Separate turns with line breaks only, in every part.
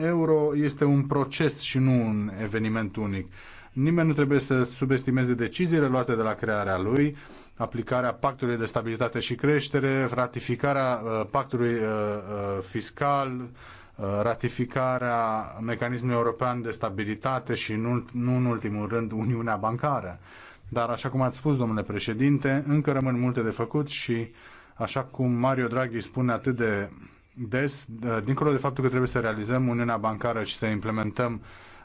euro este un proces și nu un eveniment unic. Nimeni nu trebuie să subestimeze deciziile luate de la crearea lui, aplicarea pactului de stabilitate și creștere, ratificarea uh, pactului uh, uh, fiscal, ratificarea mecanismului european de stabilitate și, nu, nu în ultimul rând, Uniunea Bancară. Dar, așa cum ați spus, domnule președinte, încă rămân multe de făcut și, așa cum Mario Draghi spune atât de des, dincolo de faptul că trebuie să realizăm Uniunea Bancară și să implementăm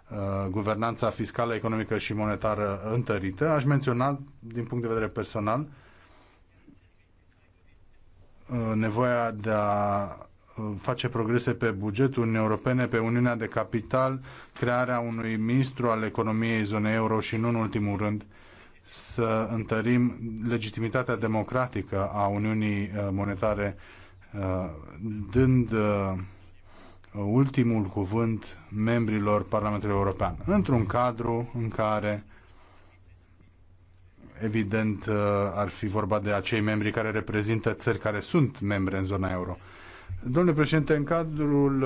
uh, guvernanța fiscală, economică și monetară întărită, aș menționa, din punct de vedere personal, uh, nevoia de a uh, face progrese pe bugetul Uniunii Europene, pe Uniunea de Capital, crearea unui ministru al economiei zonei euro și, nu în ultimul rând, să întărim legitimitatea democratică a Uniunii Monetare Uh, dând uh, ultimul cuvânt membrilor Parlamentului European, într-un cadru în care evident uh, ar fi vorba de acei membri care reprezintă țări care sunt membre în zona euro. Domnule președinte, în cadrul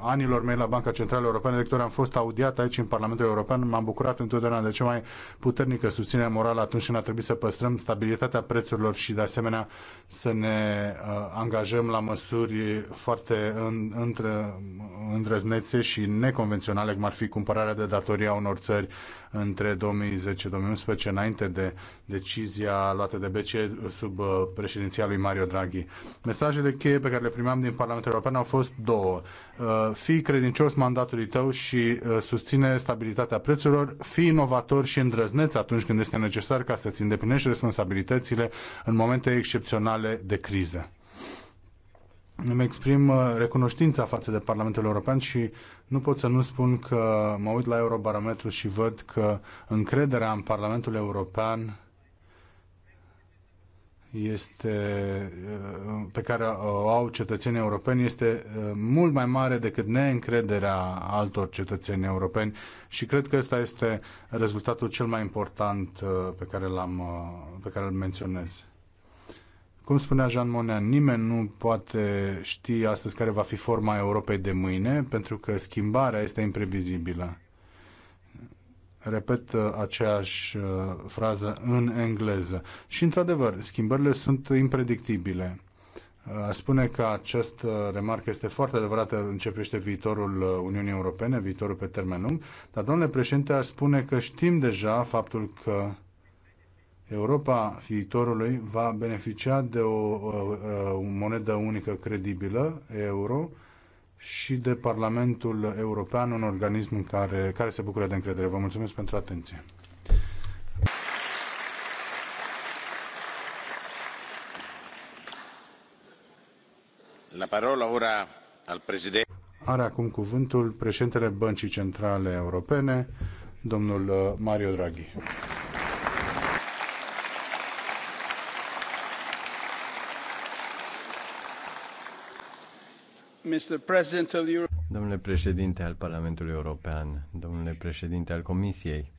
anilor mei la Banca Centrală Europeană de câte ori am fost audiat aici în Parlamentul European, m-am bucurat întotdeauna de cea mai puternică susținere morală atunci când a trebuit să păstrăm stabilitatea prețurilor și de asemenea să ne uh, angajăm la măsuri foarte în, între, îndrăznețe și neconvenționale, cum ar fi cumpărarea de datoria unor țări între 2010-2011, înainte de decizia luată de BCE sub uh, președinția lui Mario Draghi. Mesajele cheie pe care le primeam din Parlamentul European au fost două. Uh, fii credincios mandatului tău și uh, susține stabilitatea prețurilor, fii inovator și îndrăzneț atunci când este necesar ca să-ți îndeplinești responsabilitățile în momente excepționale de criză. Îmi exprim uh, recunoștința față de Parlamentul European și nu pot să nu spun că mă uit la Eurobarometru și văd că încrederea în Parlamentul European este, uh, pe care o au cetățenii europeni este uh, mult mai mare decât neîncrederea altor cetățeni europeni și cred că ăsta este rezultatul cel mai important uh, pe care, l-am, pe care îl menționez. Cum spunea Jean Monnet, nimeni nu poate ști astăzi care va fi forma Europei de mâine, pentru că schimbarea este imprevizibilă repet uh, aceeași uh, frază în engleză. Și, într-adevăr, schimbările sunt impredictibile. Uh, a spune că această remarcă este foarte adevărată începește viitorul Uniunii Europene, viitorul pe termen lung, dar, domnule președinte, aș spune că știm deja faptul că Europa viitorului va beneficia de o, o, o monedă unică credibilă, euro, și de Parlamentul European, un organism în care, care se bucură de încredere. Vă mulțumesc pentru atenție. La parola ora al președinte. Are acum cuvântul președintele Băncii Centrale Europene, domnul uh, Mario Draghi.
Domnule președinte al Parlamentului European, domnule președinte al Comisiei,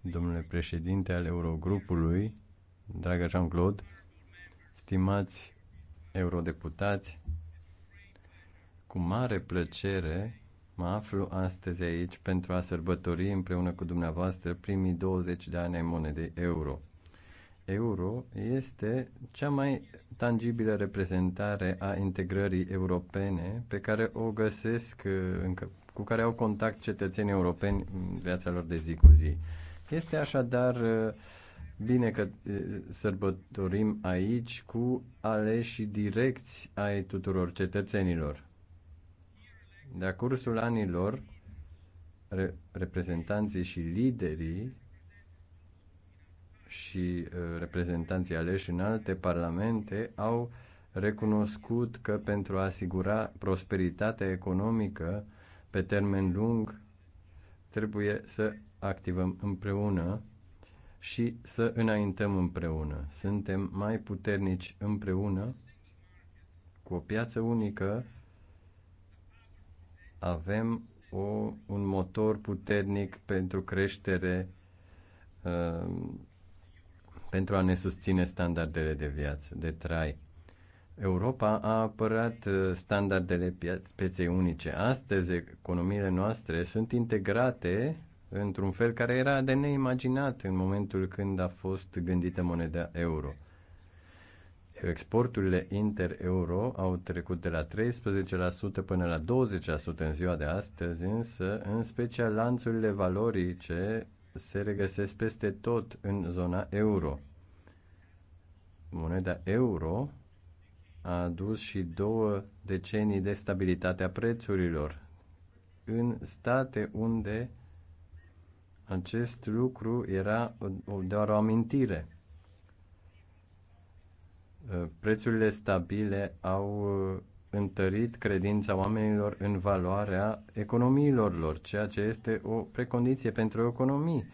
domnule președinte al Eurogrupului, dragă Jean-Claude, stimați eurodeputați, cu mare plăcere mă aflu astăzi aici pentru a sărbători împreună cu dumneavoastră primii 20 de ani ai monedei euro – euro este cea mai tangibilă reprezentare a integrării europene pe care o găsesc uh, încă, cu care au contact cetățenii europeni în viața lor de zi cu zi. Este așadar uh, bine că uh, sărbătorim aici cu aleși direcți ai tuturor cetățenilor. De-a cursul anilor, reprezentanții și liderii și uh, reprezentanții aleși în alte parlamente au recunoscut că pentru a asigura prosperitatea economică pe termen lung trebuie să activăm împreună și să înaintăm împreună. Suntem mai puternici împreună cu o piață unică avem o, un motor puternic pentru creștere uh, pentru a ne susține standardele de viață, de trai. Europa a apărat uh, standardele pieței unice. Astăzi, economiile noastre sunt integrate într-un fel care era de neimaginat în momentul când a fost gândită moneda euro. Exporturile inter-euro au trecut de la 13% până la 20% în ziua de astăzi, însă, în special lanțurile valorice se regăsesc peste tot în zona euro. Moneda euro a adus și două decenii de stabilitate a prețurilor în state unde acest lucru era doar o amintire. Prețurile stabile au întărit credința oamenilor în valoarea economiilor lor, ceea ce este o precondiție pentru economii,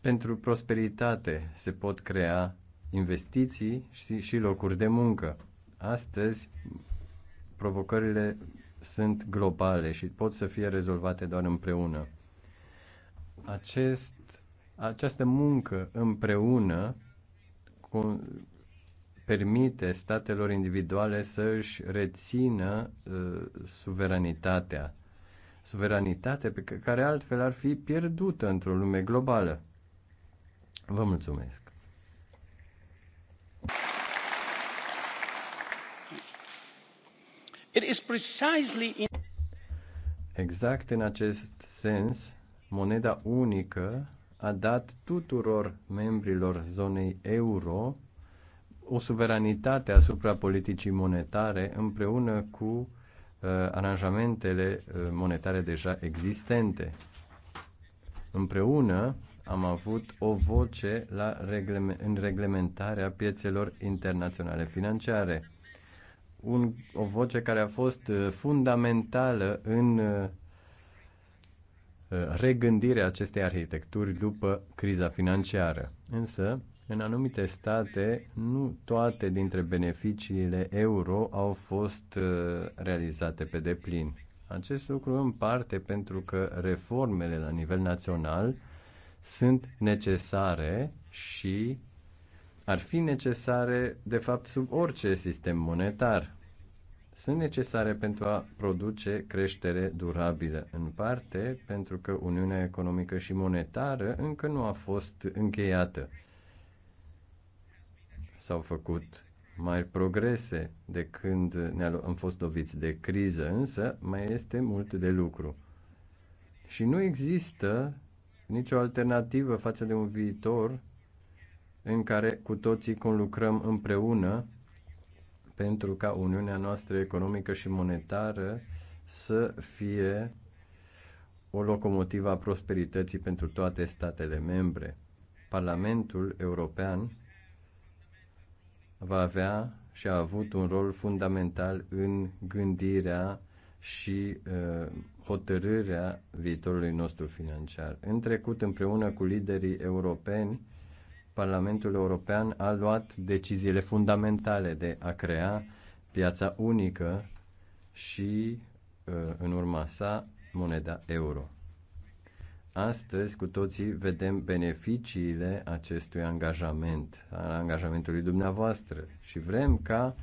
pentru prosperitate. Se pot crea investiții și, și locuri de muncă. Astăzi, provocările sunt globale și pot să fie rezolvate doar împreună. Acest, această muncă împreună permite statelor individuale să își rețină uh, suveranitatea. Suveranitate pe care altfel ar fi pierdută într-o lume globală. Vă mulțumesc! It is precisely in... Exact în acest sens, moneda unică a dat tuturor membrilor zonei euro o suveranitate asupra politicii monetare împreună cu uh, aranjamentele uh, monetare deja existente. Împreună am avut o voce la regleme- în reglementarea piețelor internaționale financiare. Un, o voce care a fost uh, fundamentală în uh, regândirea acestei arhitecturi după criza financiară. Însă, în anumite state, nu toate dintre beneficiile euro au fost uh, realizate pe deplin. Acest lucru în parte pentru că reformele la nivel național sunt necesare și ar fi necesare, de fapt, sub orice sistem monetar. Sunt necesare pentru a produce creștere durabilă, în parte pentru că Uniunea Economică și Monetară încă nu a fost încheiată s-au făcut mai progrese de când ne-am am fost loviți de criză, însă mai este mult de lucru. Și nu există nicio alternativă față de un viitor în care cu toții conlucrăm împreună pentru ca Uniunea noastră economică și monetară să fie o locomotivă a prosperității pentru toate statele membre. Parlamentul European va avea și a avut un rol fundamental în gândirea și uh, hotărârea viitorului nostru financiar. În trecut, împreună cu liderii europeni, Parlamentul European a luat deciziile fundamentale de a crea piața unică și, uh, în urma sa, moneda euro. Astăzi cu toții vedem beneficiile acestui angajament, al angajamentului dumneavoastră și vrem ca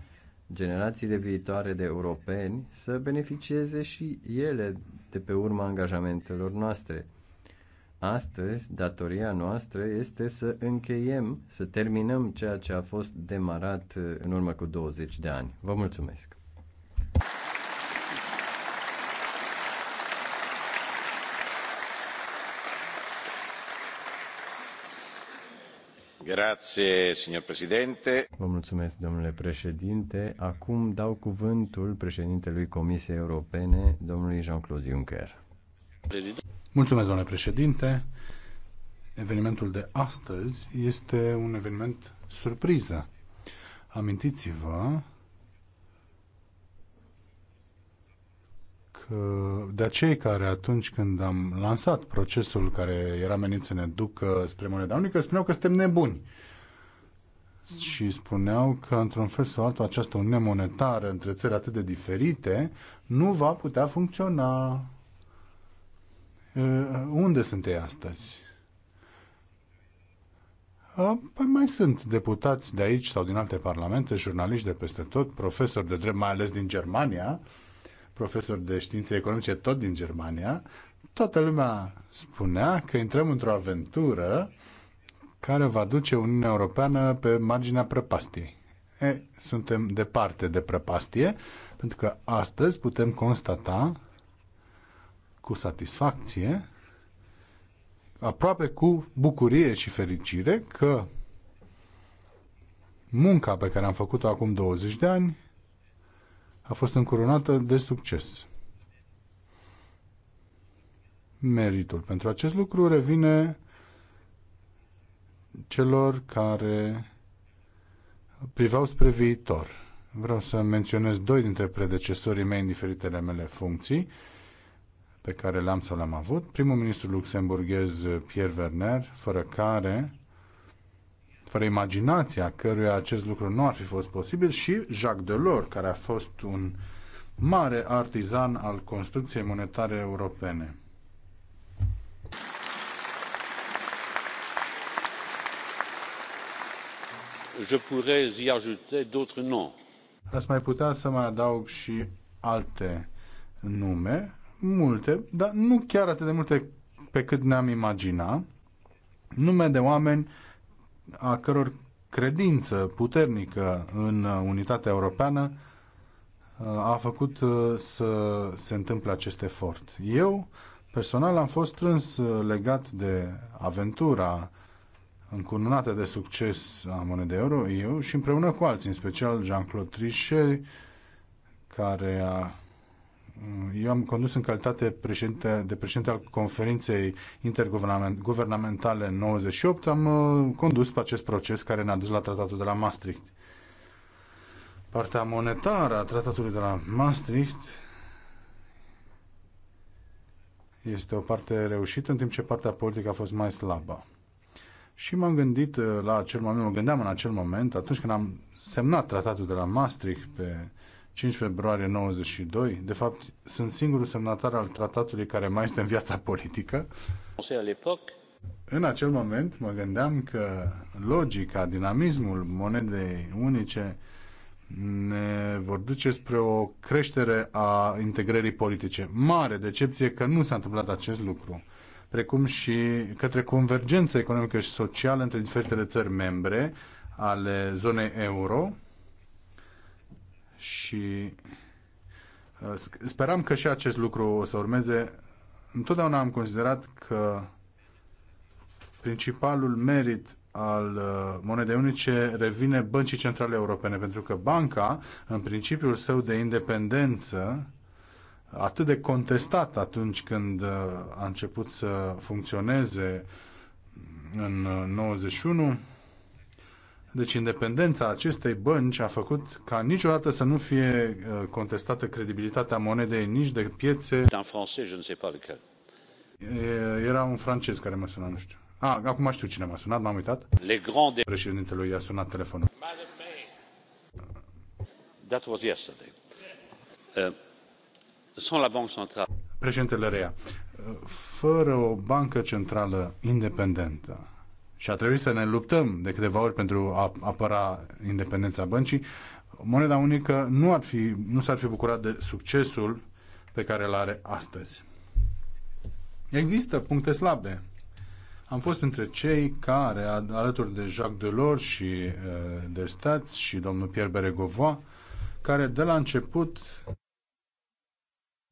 generațiile viitoare de europeni să beneficieze și ele de pe urma angajamentelor noastre. Astăzi, datoria noastră este să încheiem, să terminăm ceea ce a fost demarat uh, în urmă cu 20 de ani. Vă mulțumesc! mulțumesc, domnule președinte. Acum dau cuvântul președintelui Comisiei Europene, domnului Jean-Claude Juncker. Mulțumesc, domnule președinte.
Evenimentul de astăzi este un eveniment surpriză. Amintiți-vă de cei care atunci când am lansat procesul care era menit să ne ducă spre moneda unică, spuneau că suntem nebuni. Și spuneau că, într-un fel sau altul, această uniune monetară între țări atât de diferite nu va putea funcționa. Unde sunt ei astăzi? Păi mai sunt deputați de aici sau din alte parlamente, jurnaliști de peste tot, profesori de drept, mai ales din Germania, profesor de științe economice tot din Germania, toată lumea spunea că intrăm într-o aventură care va duce Uniunea Europeană pe marginea prăpastiei. E, suntem departe de prăpastie, pentru că astăzi putem constata cu satisfacție, aproape cu bucurie și fericire, că munca pe care am făcut-o acum 20 de ani a fost încoronată de succes. Meritul pentru acest lucru revine celor care priveau spre viitor. Vreau să menționez doi dintre predecesorii mei în diferitele mele funcții pe care le-am sau le-am avut. Primul ministru luxemburghez Pierre Werner, fără care fără imaginația căruia acest lucru nu ar fi fost posibil, și Jacques Delors, care a fost un mare artizan al construcției monetare europene. Je pourrais y ajouter d'autres noms. Aș mai putea să mai adaug și alte nume, multe, dar nu chiar atât de multe pe cât ne-am imagina, nume de oameni a căror credință puternică în unitatea europeană uh, a făcut uh, să se întâmple acest efort. Eu, personal, am fost strâns uh, legat de aventura încununată de succes a monedei euro, eu și împreună cu alții, în special Jean-Claude Trichet, care a eu am condus în calitate președinte, de președinte al conferinței interguvernamentale 98, am uh, condus pe acest proces care ne-a dus la tratatul de la Maastricht. Partea monetară a tratatului de la Maastricht este o parte reușită, în timp ce partea politică a fost mai slabă. Și m-am gândit uh, la acel moment, mă gândeam în acel moment, atunci când am semnat tratatul de la Maastricht pe 5 februarie 92. De fapt, sunt singurul semnatar al tratatului care mai este în viața politică. În acel moment mă gândeam că logica, dinamismul monedei unice ne vor duce spre o creștere a integrării politice. Mare decepție că nu s-a întâmplat acest lucru, precum și către convergență economică și socială între diferitele țări membre ale zonei euro, și uh, speram că și acest lucru o să urmeze. Întotdeauna am considerat că principalul merit al uh, monedei unice revine băncii centrale europene, pentru că banca, în principiul său de independență, atât de contestat atunci când uh, a început să funcționeze în 91, deci independența acestei bănci a făcut ca niciodată să nu fie uh, contestată credibilitatea monedei nici de piețe. În francez, Era un francez care mă suna, nu știu. A, acum știu cine m-a sunat, m-am uitat. Președintele i-a sunat telefonul. That was yesterday. Uh, sans la Banque Centrale. Președintele Rea, uh, fără o bancă centrală independentă, și a trebuit să ne luptăm de câteva ori pentru a apăra independența băncii, moneda unică nu, ar fi, nu s-ar fi bucurat de succesul pe care îl are astăzi. Există puncte slabe. Am fost între cei care, alături de Jacques Delors și uh, de Stați și domnul Pierre Beregovoa, care de la început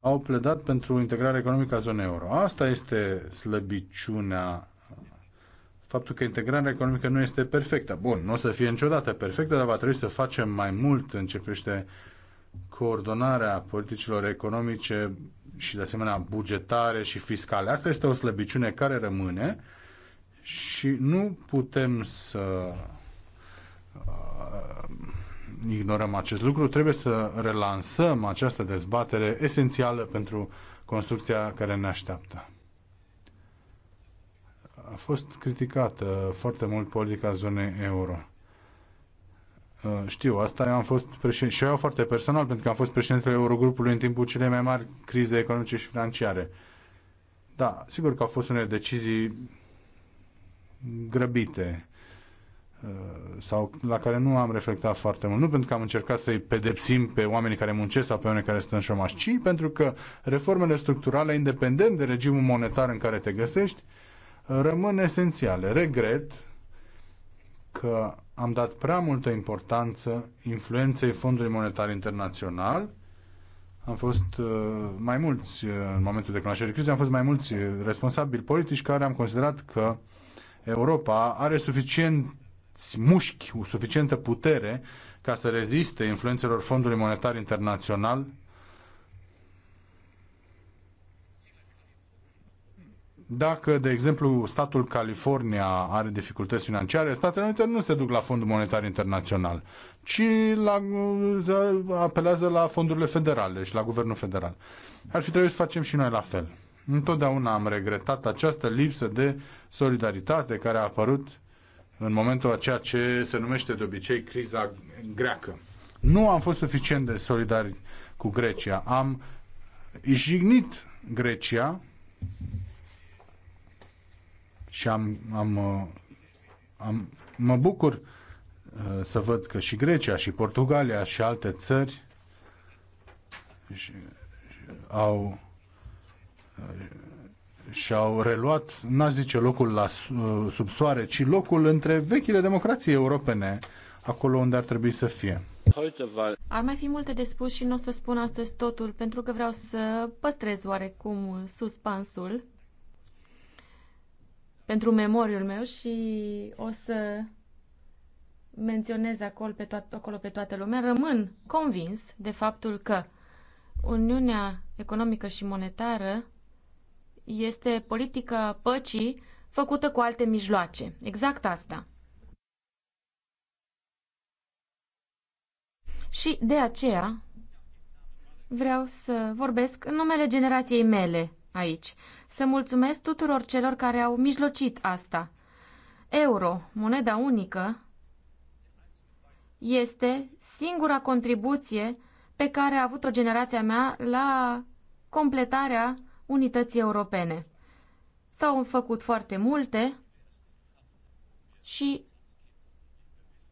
au pledat pentru integrarea economică a zonei euro. Asta este slăbiciunea faptul că integrarea economică nu este perfectă. Bun, nu o să fie niciodată perfectă, dar va trebui să facem mai mult în ce privește coordonarea politicilor economice și de asemenea bugetare și fiscale. Asta este o slăbiciune care rămâne și nu putem să uh, ignorăm acest lucru. Trebuie să relansăm această dezbatere esențială pentru construcția care ne așteaptă a fost criticată foarte mult politica zonei euro. Uh, știu, asta eu am fost președinte, și eu foarte personal, pentru că am fost președintele Eurogrupului în timpul cele mai mari crize economice și financiare. Da, sigur că au fost unele decizii grăbite uh, sau la care nu am reflectat foarte mult. Nu pentru că am încercat să-i pedepsim pe oamenii care muncesc sau pe oamenii care sunt în șomaș, ci pentru că reformele structurale, independent de regimul monetar în care te găsești, uh, rămân esențiale. Regret că am dat prea multă importanță influenței Fondului Monetar Internațional. Am fost uh, mai mulți, uh, în momentul declanșării crizei, am fost mai mulți responsabili politici care am considerat că Europa are suficient mușchi, o suficientă putere ca să reziste influențelor Fondului Monetar Internațional Dacă, de exemplu, statul California are dificultăți financiare, Statele Unite nu se duc la Fondul Monetar Internațional, ci la, apelează la fondurile federale și la guvernul federal. Ar fi trebuit să facem și noi la fel. Întotdeauna am regretat această lipsă de solidaritate care a apărut în momentul a ceea ce se numește de obicei criza greacă. Nu am fost suficient de solidari cu Grecia. Am jignit Grecia și am, am, uh, am, mă bucur uh, să văd că și Grecia, și Portugalia, și alte țări uh, au și au reluat, n-aș zice locul la sub soare, ci locul între vechile democrații europene, acolo unde ar trebui să fie.
Ar mai fi multe de spus și nu o să spun astăzi totul, pentru că vreau să păstrez oarecum suspansul pentru memoriul meu și o să menționez acolo pe, toat, acolo pe toată lumea. Rămân convins de faptul că Uniunea Economică și Monetară este politica păcii făcută cu alte mijloace. Exact asta. Și de aceea vreau să vorbesc în numele generației mele, aici. Să mulțumesc tuturor celor care au mijlocit asta. Euro, moneda unică, este singura contribuție pe care a avut-o generația mea la completarea unității europene. S-au făcut foarte multe și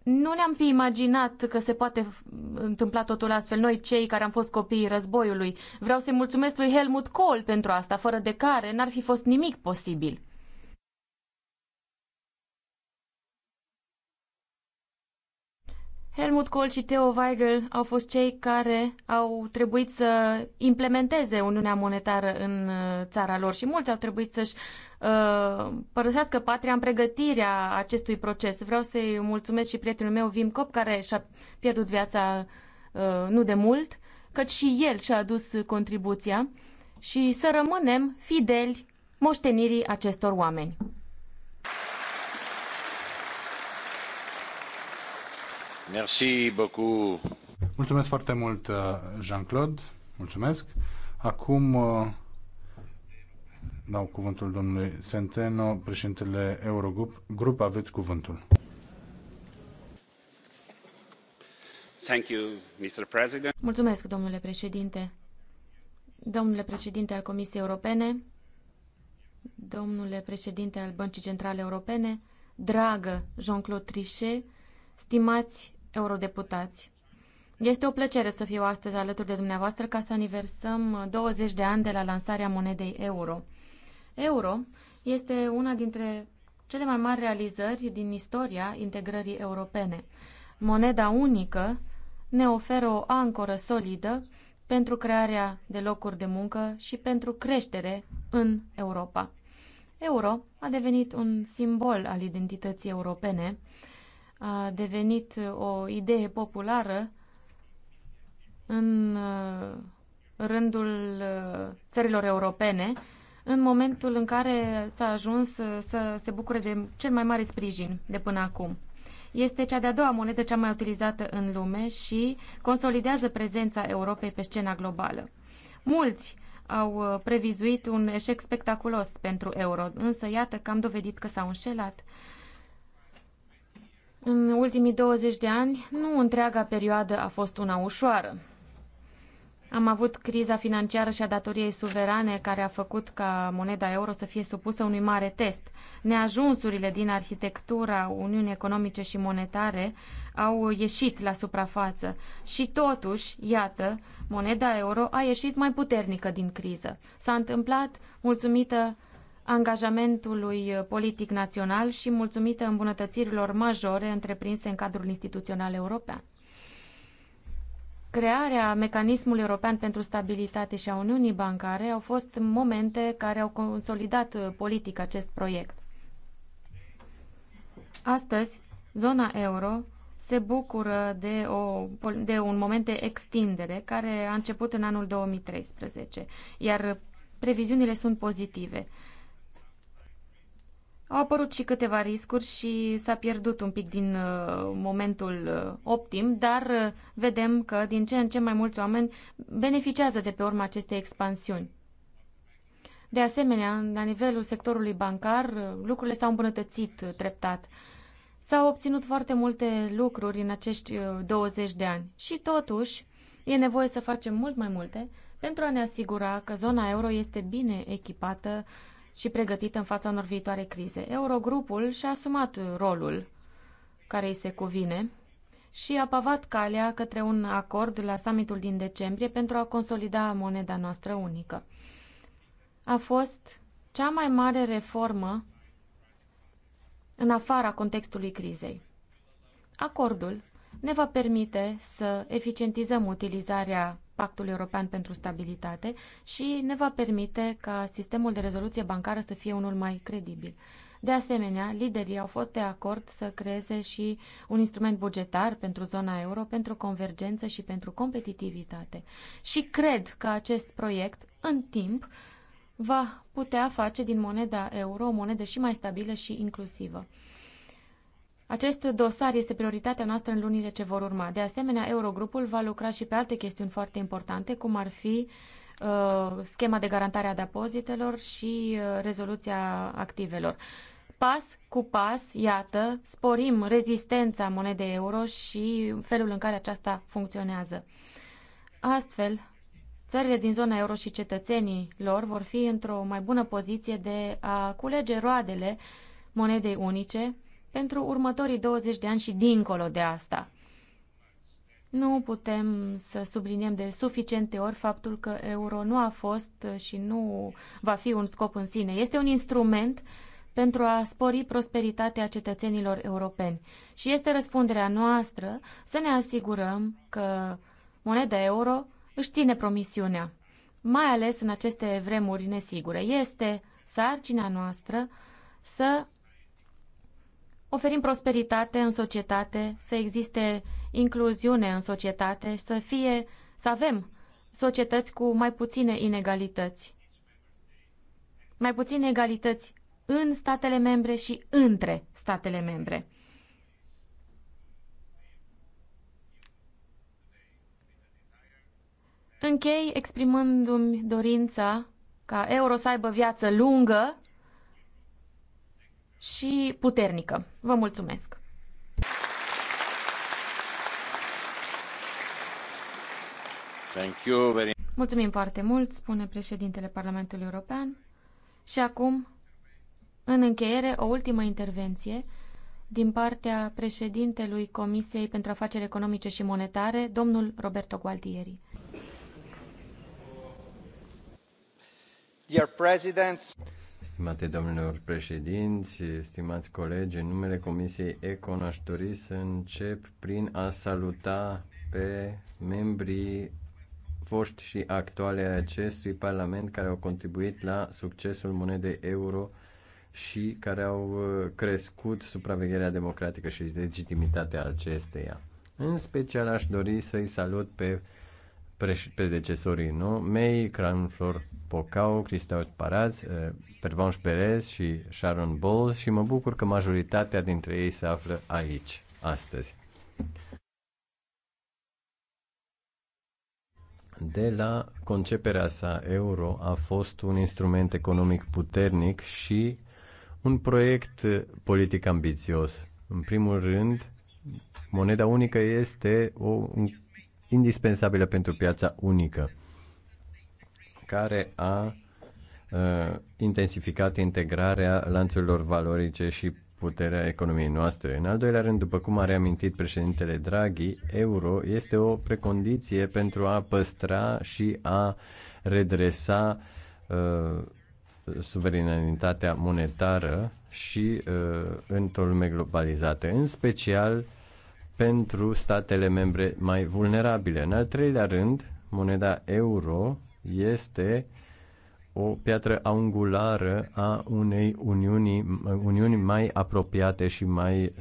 nu ne-am fi imaginat că se poate întâmpla totul astfel, noi cei care am fost copiii războiului. Vreau să-i mulțumesc lui Helmut Kohl pentru asta, fără de care n-ar fi fost nimic posibil. Helmut Kohl și Theo Weigel au fost cei care au trebuit să implementeze Uniunea Monetară în uh, țara lor și mulți au trebuit să-și uh, părăsească patria în pregătirea acestui proces. Vreau să-i mulțumesc și prietenul meu, Vim Cop, care și-a pierdut viața uh, nu de mult, căci și el și-a adus contribuția și să rămânem fideli moștenirii acestor oameni.
Mulțumesc foarte mult, uh, Jean-Claude. Mulțumesc. Acum uh, dau cuvântul domnului Centeno, președintele Eurogrup. Grup, aveți cuvântul. Thank
you, Mr. President.
Mulțumesc, domnule președinte. Domnule președinte al Comisiei Europene, domnule președinte al Băncii Centrale Europene, dragă Jean-Claude Trichet, stimați eurodeputați. Este o plăcere să fiu astăzi alături de dumneavoastră ca să aniversăm 20 de ani de la lansarea monedei euro. Euro este una dintre cele mai mari realizări din istoria integrării europene. Moneda unică ne oferă o ancoră solidă pentru crearea de locuri de muncă și pentru creștere în Europa. Euro a devenit un simbol al identității europene a devenit uh, o idee populară în uh, rândul uh, țărilor europene, în momentul în care s-a ajuns să se bucure de cel mai mare sprijin de până acum. Este cea de-a doua monedă cea mai utilizată în lume și consolidează prezența Europei pe scena globală. Mulți au previzuit un eșec spectaculos pentru euro, însă iată că am dovedit că s-au înșelat în ultimii 20 de ani, nu întreaga perioadă a fost una ușoară. Am avut criza financiară și a datoriei suverane care a făcut ca moneda euro să fie supusă unui mare test. Neajunsurile din arhitectura Uniunii Economice și Monetare au ieșit la suprafață și totuși, iată, moneda euro a ieșit mai puternică din criză. S-a întâmplat mulțumită angajamentului politic național și mulțumită îmbunătățirilor majore întreprinse în cadrul instituțional european. Crearea mecanismului european pentru stabilitate și a Uniunii Bancare au fost momente care au consolidat uh, politic acest proiect. Astăzi, zona euro se bucură de, o, de un moment de extindere care a început în anul 2013, iar previziunile sunt pozitive. Au apărut și câteva riscuri și s-a pierdut un pic din uh, momentul uh, optim, dar uh, vedem că din ce în ce mai mulți oameni beneficiază de pe urma acestei expansiuni. De asemenea, la nivelul sectorului bancar, lucrurile s-au îmbunătățit treptat. S-au obținut foarte multe lucruri în acești 20 de ani și totuși e nevoie să facem mult mai multe pentru a ne asigura că zona euro este bine echipată și pregătită în fața unor viitoare crize. Eurogrupul și-a asumat rolul care îi se cuvine și a pavat calea către un acord la summitul din decembrie pentru a consolida moneda noastră unică. A fost cea mai mare reformă în afara contextului crizei. Acordul ne va permite să eficientizăm utilizarea Pactul European pentru Stabilitate și ne va permite ca sistemul de rezoluție bancară să fie unul mai credibil. De asemenea, liderii au fost de acord să creeze și un instrument bugetar pentru zona euro, pentru convergență și pentru competitivitate. Și cred că acest proiect, în timp, va putea face din moneda euro o monedă și mai stabilă și inclusivă. Acest dosar este prioritatea noastră în lunile ce vor urma. De asemenea, Eurogrupul va lucra și pe alte chestiuni foarte importante, cum ar fi uh, schema de garantare a depozitelor și uh, rezoluția activelor. Pas cu pas, iată, sporim rezistența monedei euro și felul în care aceasta funcționează. Astfel, țările din zona euro și cetățenii lor vor fi într-o mai bună poziție de a culege roadele monedei unice, pentru următorii 20 de ani și dincolo de asta. Nu putem să subliniem de suficiente ori faptul că euro nu a fost și nu va fi un scop în sine. Este un instrument pentru a spori prosperitatea cetățenilor europeni. Și este răspunderea noastră să ne asigurăm că moneda euro își ține promisiunea, mai ales în aceste vremuri nesigure. Este sarcina noastră să oferim prosperitate în societate, să existe incluziune în societate, să fie, să avem societăți cu mai puține inegalități. Mai puține egalități în statele membre și între statele membre. Închei exprimându-mi dorința ca euro să aibă viață lungă și puternică. Vă mulțumesc!
Thank you very...
Mulțumim foarte mult, spune președintele Parlamentului European. Și acum, în încheiere, o ultimă intervenție din partea președintelui Comisiei pentru Afaceri Economice și Monetare, domnul Roberto Gualtieri. Dear presidents,
Stimate domnilor președinți, stimați colegi, în numele Comisiei Econ aș dori să încep prin a saluta pe membrii foști și actuale a acestui Parlament care au contribuit la succesul monedei euro și care au uh, crescut supravegherea democratică și legitimitatea acesteia. În special aș dori să-i salut pe predecesorii no, mei, Flor, Pocau, Cristau, Paraz, eh, Pervanș Perez și Sharon Bowles și mă bucur că majoritatea dintre ei se află aici, astăzi. De la conceperea sa, euro a fost un instrument economic puternic și un proiect politic ambițios. În primul rând, moneda unică este o, un indispensabilă pentru piața unică, care a uh, intensificat integrarea lanțurilor valorice și puterea economiei noastre. În al doilea rând, după cum a reamintit președintele Draghi, euro este o precondiție pentru a păstra și a redresa uh, suveranitatea monetară și uh, într-o lume globalizată, în special pentru statele membre mai vulnerabile. În al treilea rând, moneda euro este o piatră angulară a unei uniuni, uniuni mai apropiate și mai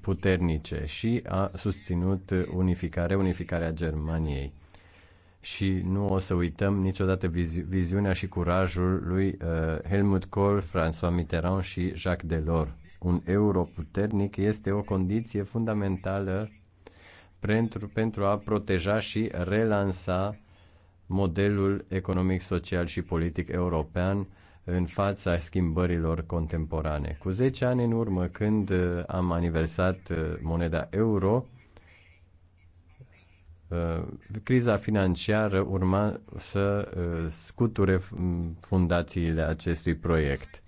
puternice și a susținut unificarea, unificarea Germaniei. Și nu o să uităm niciodată vizi, viziunea și curajul lui uh, Helmut Kohl, François Mitterrand și Jacques Delors un euro puternic este o condiție fundamentală pentru, pentru a proteja și relansa modelul economic, social și politic european în fața schimbărilor contemporane. Cu 10 ani în urmă, când am aniversat moneda euro, uh, criza financiară urma să uh, scuture fundațiile acestui proiect.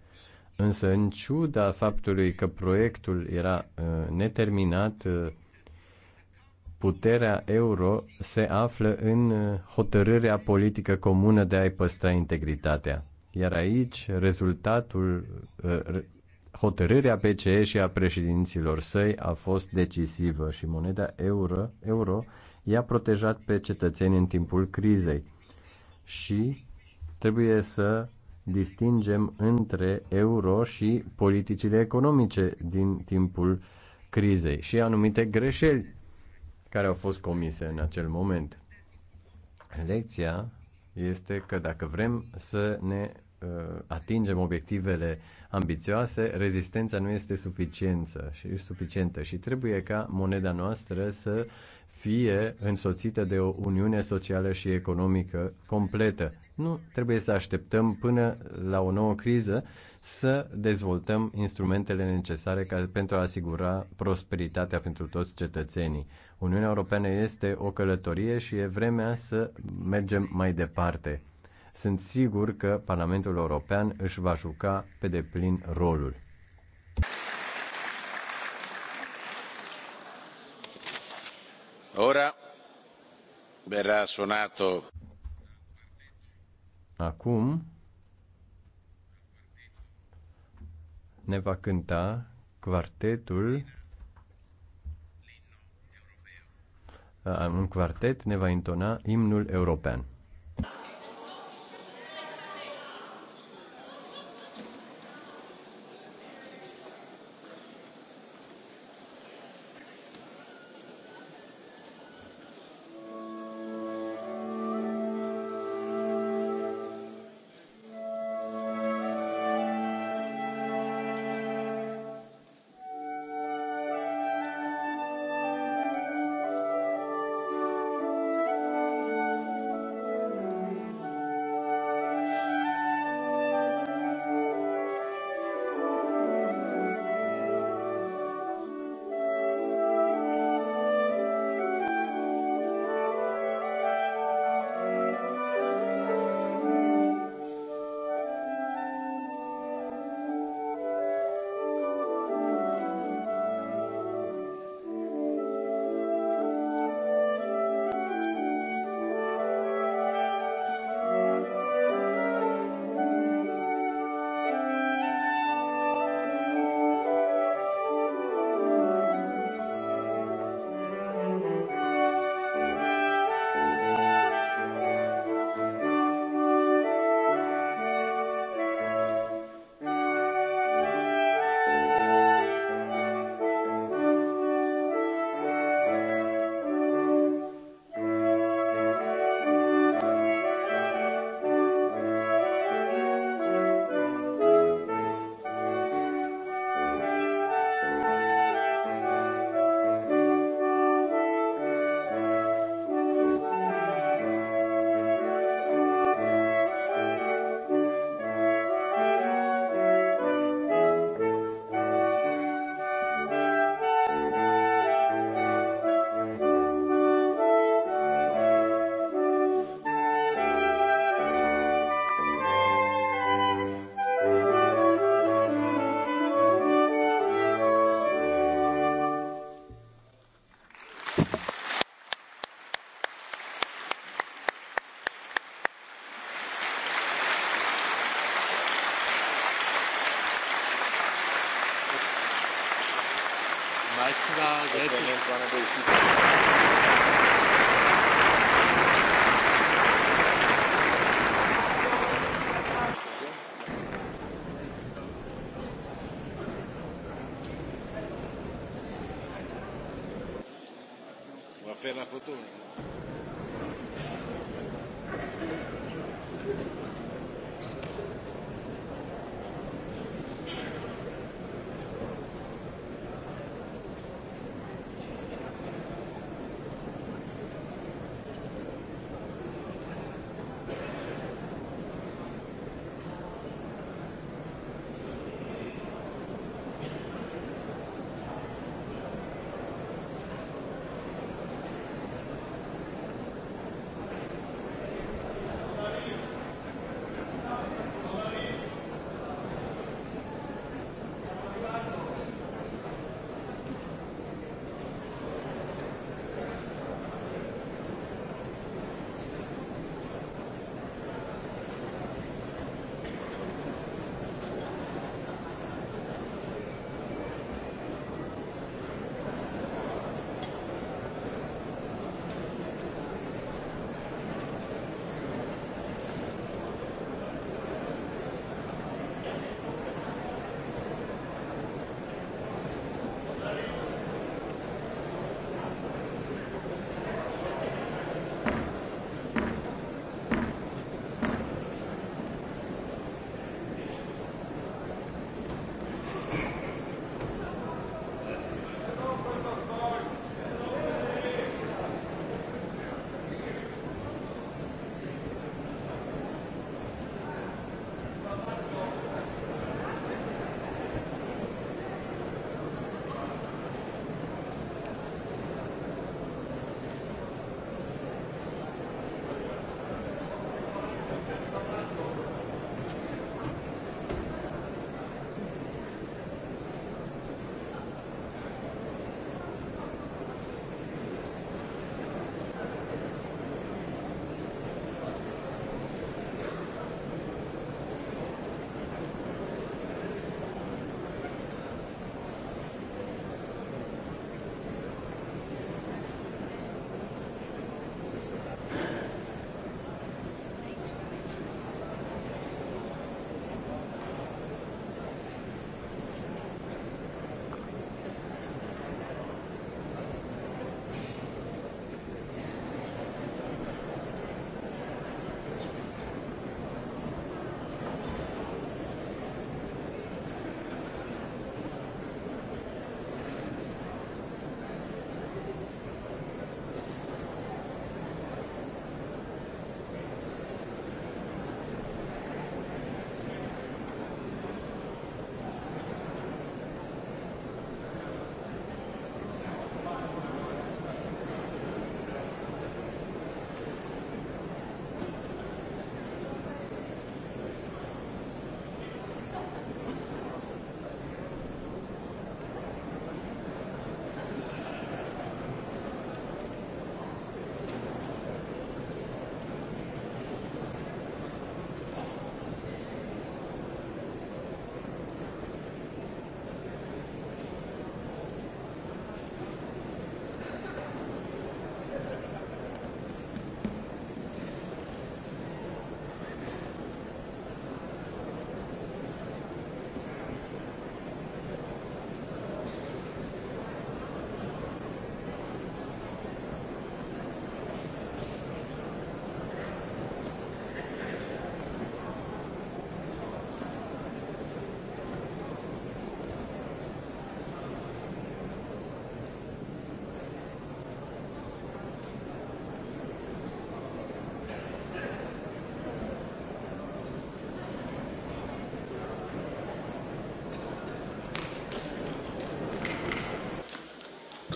Însă, în ciuda faptului că proiectul era uh, neterminat, uh, puterea euro se află în uh, hotărârea politică comună de a-i păstra integritatea. Iar aici, rezultatul, uh, hotărârea PCE și a președinților săi a fost decisivă și moneda euro, euro i-a protejat pe cetățeni în timpul crizei. Și trebuie să distingem între euro și politicile economice din timpul crizei și anumite greșeli care au fost comise în acel moment. Lecția este că dacă vrem să ne uh, atingem obiectivele ambițioase, rezistența nu este suficientă și, suficientă și trebuie ca moneda noastră să uh, fie însoțită de o uniune socială și economică completă. Nu trebuie să așteptăm până la o nouă criză să dezvoltăm instrumentele necesare ca, pentru a asigura prosperitatea pentru toți cetățenii. Uniunea Europeană este o călătorie și e vremea să mergem mai departe. Sunt sigur că Parlamentul European își va juca pe deplin rolul.
Ora verrà suonato.
Acum ne va cânta quartetul un quartet ne va intona imnul european.
leistung.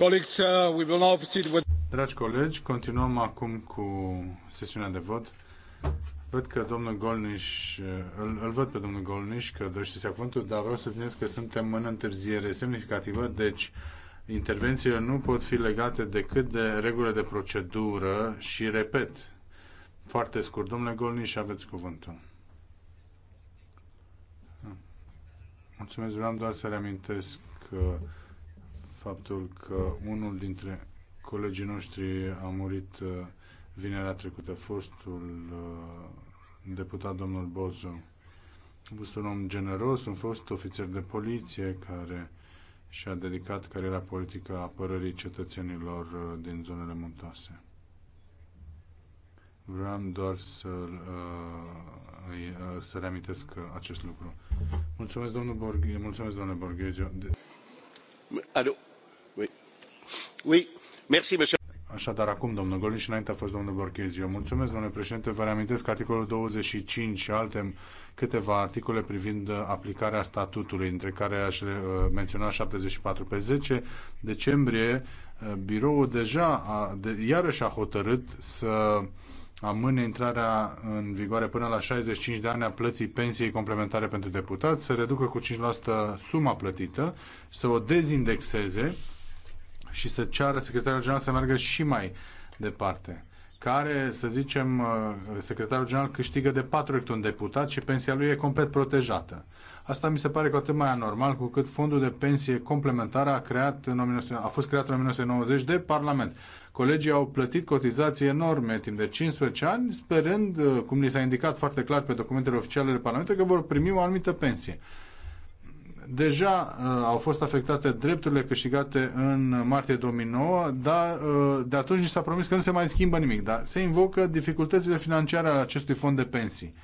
Uh, Dragi colegi, continuăm acum cu sesiunea de vot. Văd că domnul Golniș, uh, îl, îl văd pe domnul Golniș că dorește să ia cuvântul, dar vreau să vedeți că suntem în întârziere semnificativă, deci intervențiile nu pot fi legate decât de regulile de procedură și repet. Foarte scurt, domnule Golniș, aveți cuvântul. Mulțumesc, vreau doar să reamintesc că faptul că unul dintre colegii noștri a murit uh, vinerea trecută, fostul uh, deputat domnul Bozo. A fost un om generos, un fost ofițer de poliție care și-a dedicat cariera politică a apărării cetățenilor uh, din zonele muntoase. Vreau doar să, să reamintesc acest lucru. Mulțumesc, domnul Borghe, mulțumesc, domnule Borghezio. Așadar, acum, domnul Golniș, și înainte a fost domnul Borchezio. Mulțumesc, domnule președinte. Vă reamintesc articolul 25 și alte câteva articole privind uh, aplicarea statutului, între care aș uh, menționa 74. Pe 10 decembrie, uh, biroul deja a, de, iarăși a hotărât să amâne intrarea în vigoare până la 65 de ani a plății pensiei complementare pentru deputați, să reducă cu 5% suma plătită, să o dezindexeze și să ceară secretarul general să meargă și mai departe care, să zicem, uh, secretarul general câștigă de patru ori un deputat și pensia lui e complet protejată. Asta mi se pare cu atât mai anormal cu cât fondul de pensie complementară a, creat în 19, a fost creat în 1990 de Parlament. Colegii au plătit cotizații enorme timp de 15 ani, sperând, uh, cum li s-a indicat foarte clar pe documentele oficiale ale Parlamentului, că vor primi o anumită pensie. Deja uh, au fost afectate drepturile câștigate în martie 2009, dar uh, de atunci ni s-a promis că nu se mai schimbă nimic. Dar se invocă dificultățile financiare ale acestui fond de pensii.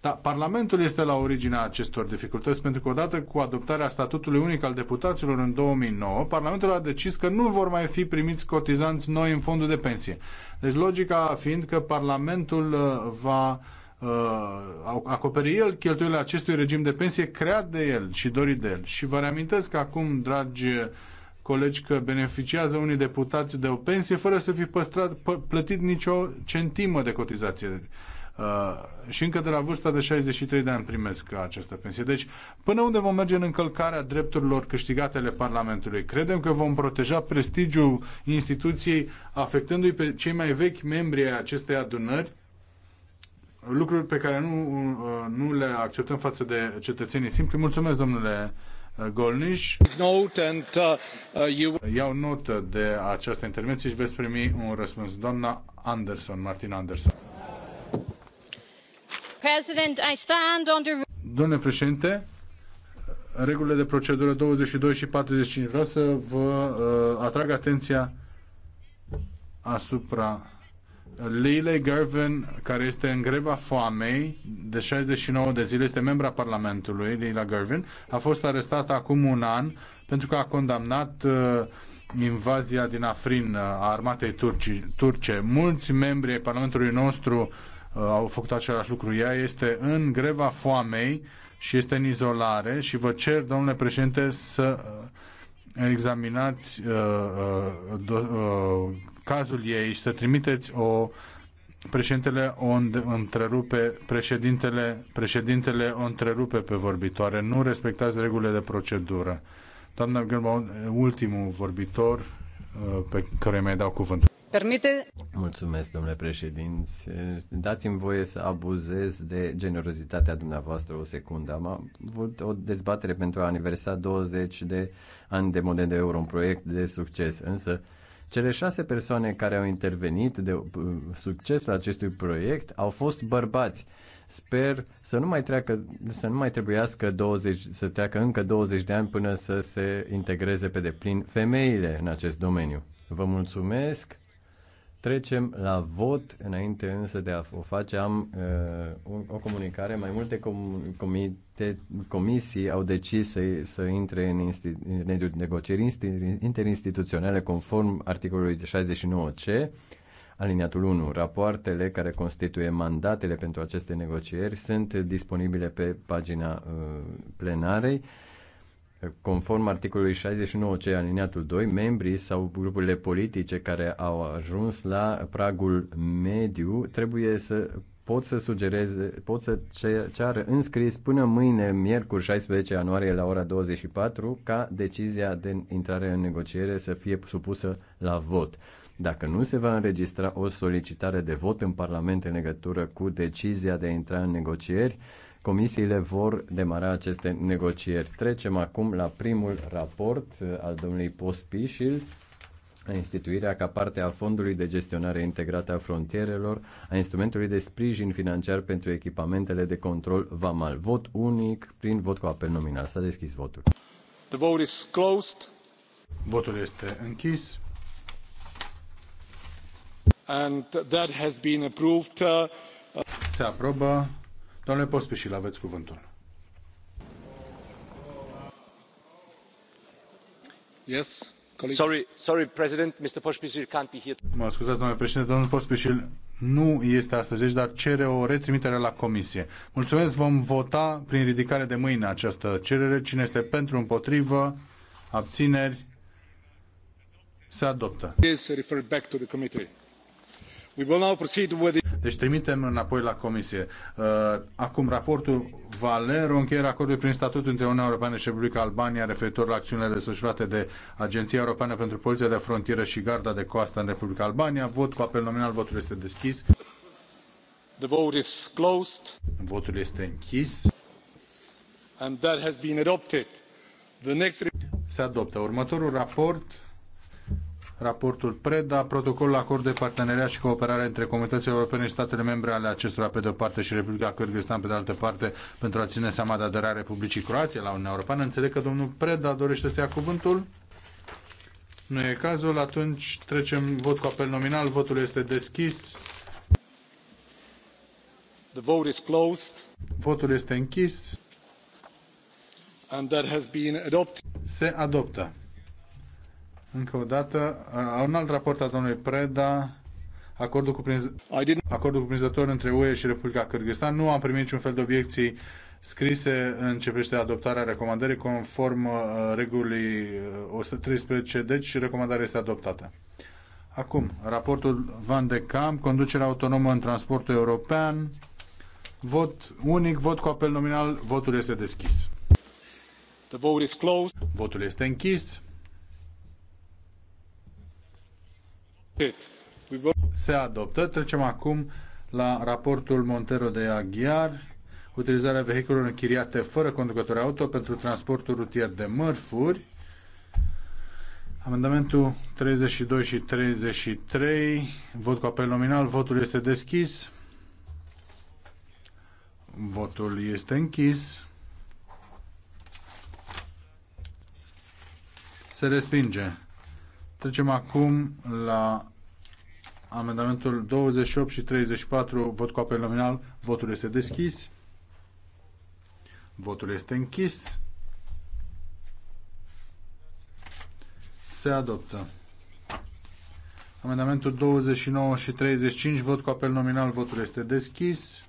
Dar Parlamentul este la originea acestor dificultăți pentru că odată cu adoptarea statutului unic al deputaților în 2009, Parlamentul a decis că nu vor mai fi primiți cotizanți noi în fondul de pensie. Deci logica fiind că Parlamentul uh, va uh, acoperi el cheltuielile acestui regim de pensie creat de el și dorit de el. Și vă reamintesc că acum, dragi colegi, că beneficiază unii deputați de o pensie fără să fi păstrat, plătit nicio centimă de cotizație. Uh, și încă de la vârsta de 63 de ani primesc această pensie. Deci, până unde vom merge în încălcarea drepturilor câștigate ale Parlamentului? Credem că vom proteja prestigiul instituției afectându-i pe cei mai vechi membri ai acestei adunări lucruri pe care nu, uh, nu le acceptăm față de cetățenii simpli. Mulțumesc, domnule uh, Golniș. Uh, Iau notă de această intervenție și veți primi un răspuns. Doamna Anderson, Martin Anderson. Under... Domnule președinte, regulile de procedură 22 și 45. Vreau să vă uh, atrag atenția asupra Lily Gervin, care este în greva foamei de 69 de zile, este membra Parlamentului, Lila Gervin, a fost arestată acum un an pentru că a condamnat uh, invazia din Afrin uh, a armatei turci, turce. Mulți membri ai Parlamentului nostru uh, au făcut același lucru. Ea este în greva foamei și este în izolare și vă cer, domnule președinte, să uh, examinați uh, uh, do, uh, cazul ei și să trimiteți o președintele o întrerupe, președintele, președintele o întrerupe pe vorbitoare. Nu respectați regulile de procedură. Doamna Gârba,
ultimul vorbitor uh, pe care mi-ai dau cuvânt. Permite? Mulțumesc, domnule președinte. Dați-mi voie să abuzez de generozitatea dumneavoastră o secundă. Am avut o dezbatere pentru a aniversa 20 de ani de monede de euro, un proiect de succes, însă uh, cele șase persoane care au intervenit de uh, succesul acestui proiect au fost bărbați. Sper să nu mai treacă, să nu mai trebuiască 20, să treacă încă 20 de ani până să se integreze pe deplin femeile în acest domeniu. Vă mulțumesc. Trecem la vot, înainte însă de a o face, am uh, o comunicare. Mai multe com- comite, comisii au decis să, să intre în insti- negocieri interinstituționale conform articolului 69c, aliniatul 1. Rapoartele care constituie mandatele pentru aceste negocieri sunt disponibile pe pagina uh, plenarei. Uh, Conform articolului 69C aliniatul 2, membrii sau grupurile politice care au ajuns la pragul mediu trebuie să pot să sugereze, pot să ceară înscris până mâine, miercuri 16 ianuarie la ora 24, ca decizia de intrare în negociere să fie supusă la vot. Dacă nu se va înregistra o solicitare de vot în Parlament în legătură cu decizia de a intra în negocieri, Comisiile vor demara aceste negocieri. Trecem acum la primul raport uh, al domnului Pospișil, instituirea ca parte a Fondului de Gestionare Integrată a Frontierelor, a instrumentului de sprijin financiar pentru echipamentele de control VAMAL. Vot unic prin vot cu apel nominal. S-a deschis votul.
The vote is closed. Votul este închis. And that has been approved. Uh, Se aprobă Domnule Pospișil, aveți cuvântul. Yes, sorry, sorry, President, Mr. Pospisil can't be here. Mă scuzați, domnule președinte, domnul Pospisil nu este astăzi aici, dar cere o retrimitere la comisie. Mulțumesc, vom vota prin ridicare de mâine această cerere. Cine este pentru, împotrivă, abțineri, se adoptă. Yes, deci trimitem înapoi la Comisie. Uh, acum, raportul Valero încheierea acordului prin statutul între Uniunea Europeană și Republica Albania referitor la acțiunile desfășurate de Agenția Europeană pentru Poliția de Frontieră și Garda de Coastă în Republica Albania. Vot cu apel nominal, votul este deschis. The vote is closed. Votul este închis. And that has been adopted. The next... Se adoptă. Următorul raport raportul PREDA, protocolul acord de parteneriat și cooperare între comunitățile europene și statele membre ale acestora pe de-o parte și Republica Cârgăstan pe de altă parte pentru a ține seama de aderarea Republicii Croației la Uniunea Europeană. Înțeleg că domnul PREDA dorește să ia cuvântul. Nu e cazul, atunci trecem vot cu apel nominal. Votul este deschis. The vote is closed. Votul este închis. And that has been adopted. Se adoptă. Încă o dată, un alt raport al domnului Preda, acordul, cu prinz... acordul cuprinzător între UE și Republica Kyrgyzstan. Nu am primit niciun fel de obiecții scrise în ce privește adoptarea recomandării conform uh, regulii 113, uh, deci recomandarea este adoptată. Acum, raportul Van de Camp, conducerea autonomă în transportul european, vot unic, vot cu apel nominal, votul este deschis. The vote is closed. Votul este închis. Se adoptă. Trecem acum la raportul Montero de Aghiar, utilizarea vehiculelor închiriate fără conducător auto pentru transportul rutier de mărfuri. Amendamentul 32 și 33, vot cu apel nominal, votul este deschis. Votul este închis. Se respinge. Trecem acum la amendamentul 28 și 34, vot cu apel nominal. Votul este deschis. Votul este închis. Se adoptă. Amendamentul 29 și 35, vot cu apel nominal, votul este deschis.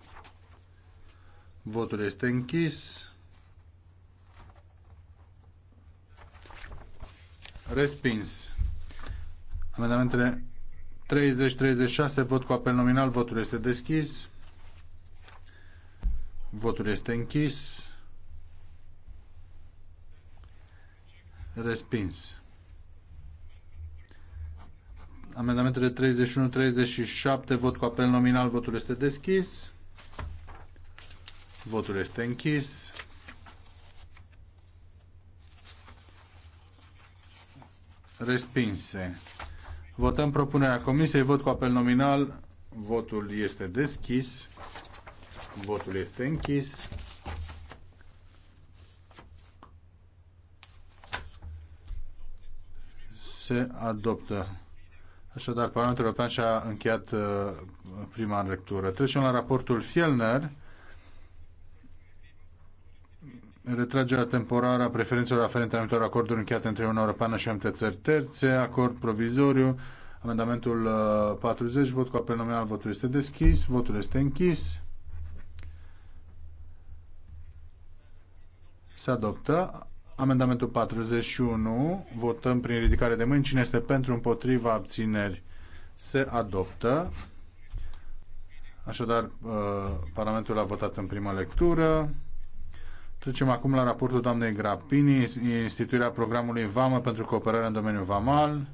Votul este închis. Respins. Amendamentele 30-36, vot cu apel nominal, votul este deschis. Votul este închis. Respins. Amendamentele 31-37, vot cu apel nominal, votul este deschis. Votul este închis. Respinse. Votăm propunerea Comisiei. Vot cu apel nominal. Votul este deschis. Votul este închis. Se adoptă. Așadar, Parlamentul European și-a încheiat uh, prima lectură. Trecem la raportul Fielner retragerea temporară a preferințelor aferente anumitor acorduri încheiate între Uniunea Europeană și anumite țări terțe, acord provizoriu, amendamentul 40, uh, vot cu apel nominal, votul este deschis, votul este închis. Se adoptă. Amendamentul 41, votăm prin ridicare de mâini. Cine este pentru, împotriva, abțineri, se adoptă. Așadar, uh, Parlamentul a votat în prima lectură. Trecem acum la raportul doamnei Grapini, instituirea programului VAMA pentru cooperare în domeniul VAMAL.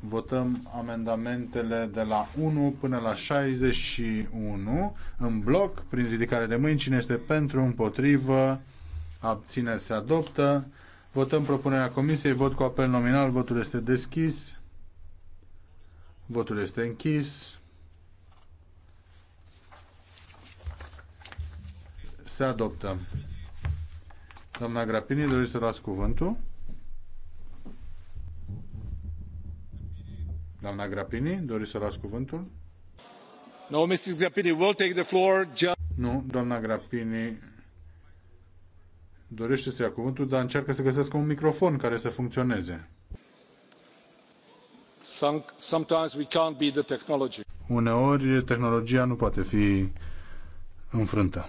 Votăm amendamentele de la 1 până la 61 în bloc, prin ridicare de mâini. Cine este pentru, împotrivă, abțineri se adoptă. Votăm propunerea comisiei, vot cu apel nominal, votul este deschis, votul este închis. Se adoptă. Doamna Grapini, doriți să luați cuvântul? Doamna Grapini, doriți să luați cuvântul? No, Mrs. Grapini, we'll take the floor just... Nu, doamna Grapini dorește să ia cuvântul, dar încearcă să găsească un microfon care să funcționeze. sometimes we can't be the technology. Uneori tehnologia nu poate fi înfrântă.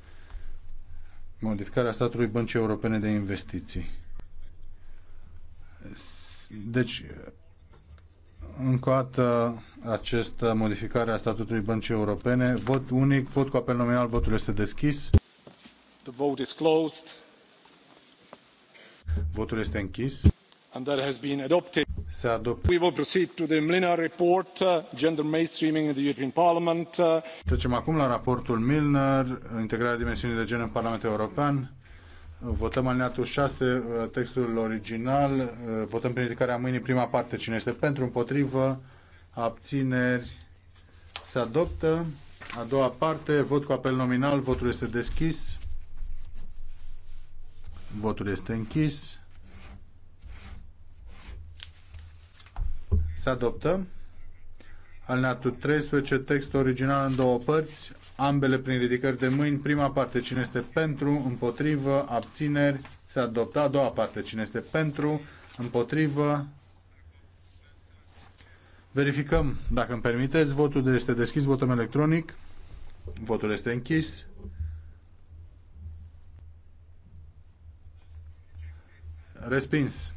modificarea statului Băncii Europene de Investiții. Deci, încă o dată, această modificare a statutului Băncii Europene, vot unic, vot cu apel nominal, votul este deschis. The vote is closed. Votul este închis. Se adoptă. Milner uh, gender mainstreaming European uh. Trecem acum la raportul Milner, integrarea dimensiunii de gen în Parlamentul European. Votăm alineatul 6, uh, textul original. Votăm prin ridicarea mâinii prima parte. Cine este pentru, împotrivă, abțineri, se adoptă. A doua parte, vot cu apel nominal, votul este deschis. Votul este închis. Se adoptă. Alineatul 13, text original în două părți, ambele prin ridicări de mâini. Prima parte, cine este pentru, împotrivă, abțineri, se adoptă. A doua parte, cine este pentru, împotrivă. Verificăm, dacă îmi permiteți, votul este deschis, votăm electronic. Votul este închis. Respins.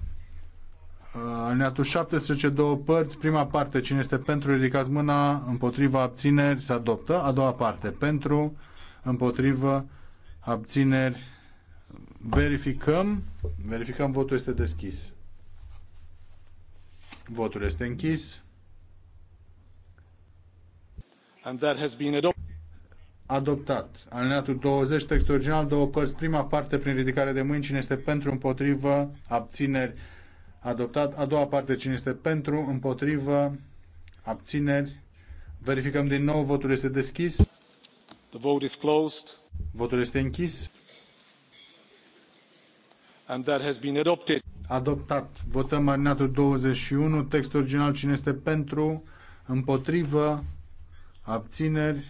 Uh, Alineatul 17, două părți. Prima parte, cine este pentru, ridicați mâna, împotriva, abțineri, se adoptă. A doua parte, pentru, împotrivă, abțineri, verificăm. Verificăm, votul este deschis. Votul este închis. And that has been adopted. Adoptat. Alineatul 20, text original, două părți. Prima parte, prin ridicare de mâini, cine este pentru, împotrivă, abțineri, adoptat. A doua parte, cine este pentru, împotrivă, abțineri. Verificăm din nou, votul este deschis. The vote is closed. Votul este închis. And that has been adopted. Adoptat. Votăm marinatul 21, text original, cine este pentru, împotrivă, abțineri.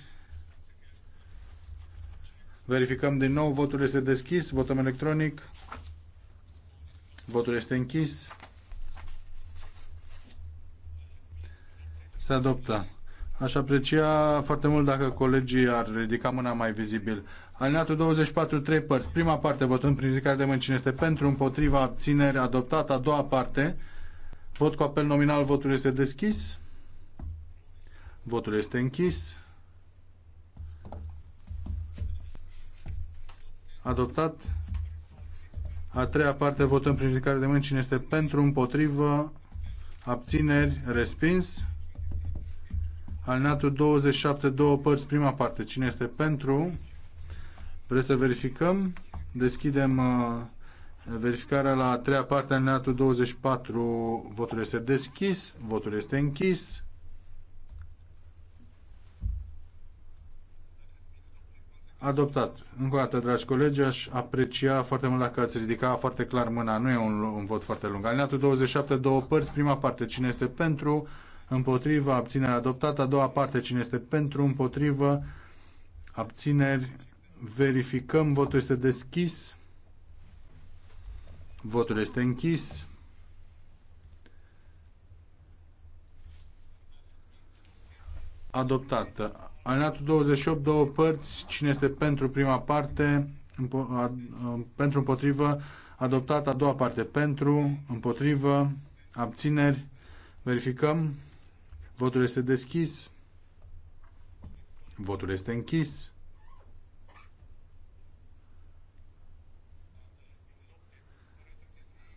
Verificăm din nou, votul este deschis, votăm electronic. Votul este închis. Se adoptă. Aș aprecia foarte mult dacă colegii ar ridica mâna mai vizibil. Alineatul 24, 3 părți. Prima parte votăm prin ridicare de mâini. Cine este pentru, împotriva, abțineri, adoptat. A doua parte, vot cu apel nominal, votul este deschis. Votul este închis. Adoptat. A treia parte votăm prin ridicare de mâini. Cine este pentru, împotrivă, abțineri, respins. Alineatul 27, două părți, prima parte. Cine este pentru? Vreți să verificăm? Deschidem uh, verificarea la a treia parte, alineatul 24. Votul este deschis, votul este închis. adoptat. Încă o dată, dragi colegi, aș aprecia foarte mult dacă ați ridica foarte clar mâna. Nu e un, un vot foarte lung. Alineatul 27, două părți. Prima parte, cine este pentru? împotrivă, abținere adoptată. A doua parte, cine este pentru, împotrivă, abțineri. Verificăm, votul este deschis. Votul este închis. Adoptată. Alinatul 28, două părți. Cine este pentru prima parte? Împo a, a, pentru împotrivă. Adoptată a doua parte. Pentru, împotrivă, abțineri. Verificăm. Votul este deschis. Votul este închis.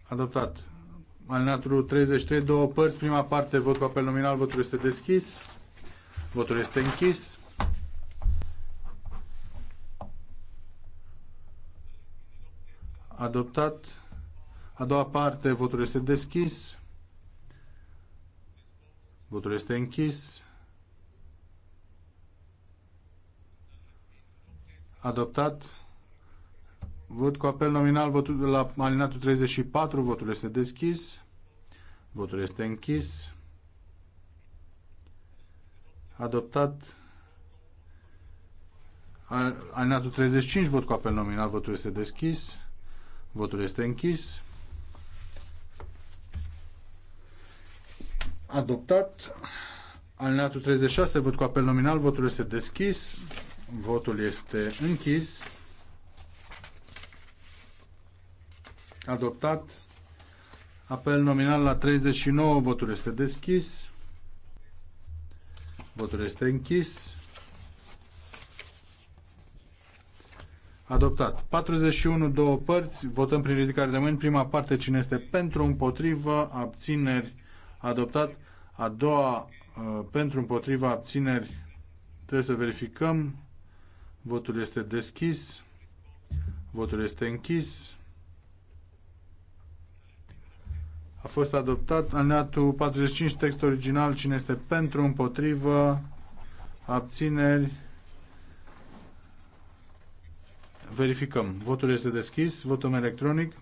Adoptat. Alinatul 33, două părți. Prima parte, vot apel nominal. Votul este deschis. Votul este închis. Adoptat. A doua parte, votul este deschis. Votul este închis. Adoptat. Vot cu apel nominal votul de la alinatul 34. Votul este deschis. Votul este închis. Adoptat. Alinatul 35. Vot cu apel nominal. Votul este deschis. Votul este închis. Adoptat. Alineatul 36, vot cu apel nominal, votul este deschis, votul este închis. Adoptat. Apel nominal la 39, votul este deschis. Votul este închis. Adoptat. 41, două părți. Votăm prin ridicare de mâini. Prima parte, cine este pentru, împotrivă, abțineri, adoptat. A doua uh, pentru împotriva abțineri trebuie să verificăm. Votul este deschis. Votul este închis. A fost adoptat alineatul 45, text original, cine este pentru, împotrivă, abțineri. Verificăm. Votul este deschis, votăm electronic.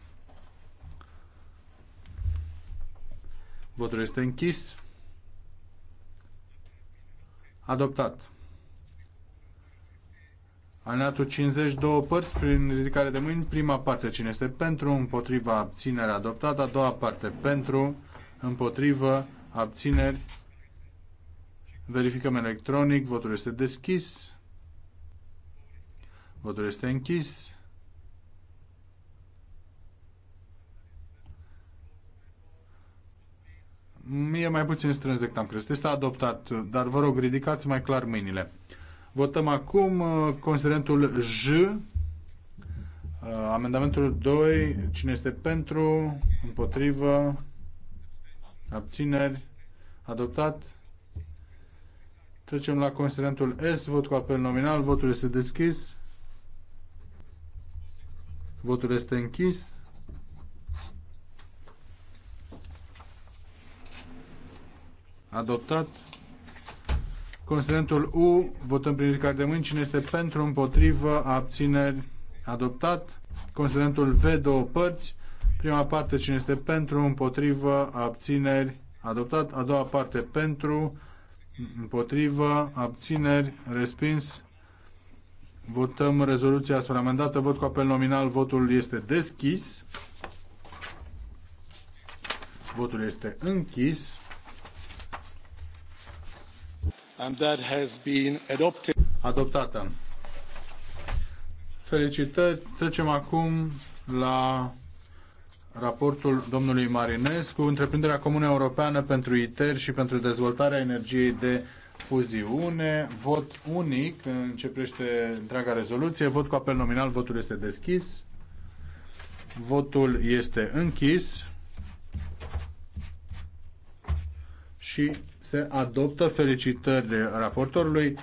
Votul este închis. Adoptat. Alineatul 52 părți prin ridicare de mâini. Prima parte cine este pentru, împotriva, abțineri adoptat. A doua parte pentru, împotrivă, abțineri. Verificăm electronic. Votul este deschis. Votul este închis. E mai puțin strâns decât am crezut. Este adoptat, dar vă rog, ridicați mai clar mâinile. Votăm acum uh, considerentul J, uh, amendamentul 2, cine este pentru, împotrivă, abțineri, adoptat. Trecem la considerentul S, vot cu apel nominal, votul este deschis. Votul este închis. adoptat. Considerentul U, votăm prin ridicare de mâini. Cine este pentru, împotrivă, abțineri, adoptat. Considerentul V, două părți. Prima parte, cine este pentru, împotrivă, abțineri, adoptat. A doua parte, pentru, împotrivă, abțineri, respins. Votăm rezoluția asupra amendată. Vot cu apel nominal. Votul este deschis. Votul este închis. Adoptată. Felicitări. Trecem acum la raportul domnului Marinescu, întreprinderea comună europeană pentru ITER și pentru dezvoltarea energiei de fuziune, vot unic, începește întreaga rezoluție, vot cu apel nominal, votul este deschis, votul este închis și se adoptă. Felicitări raportorului.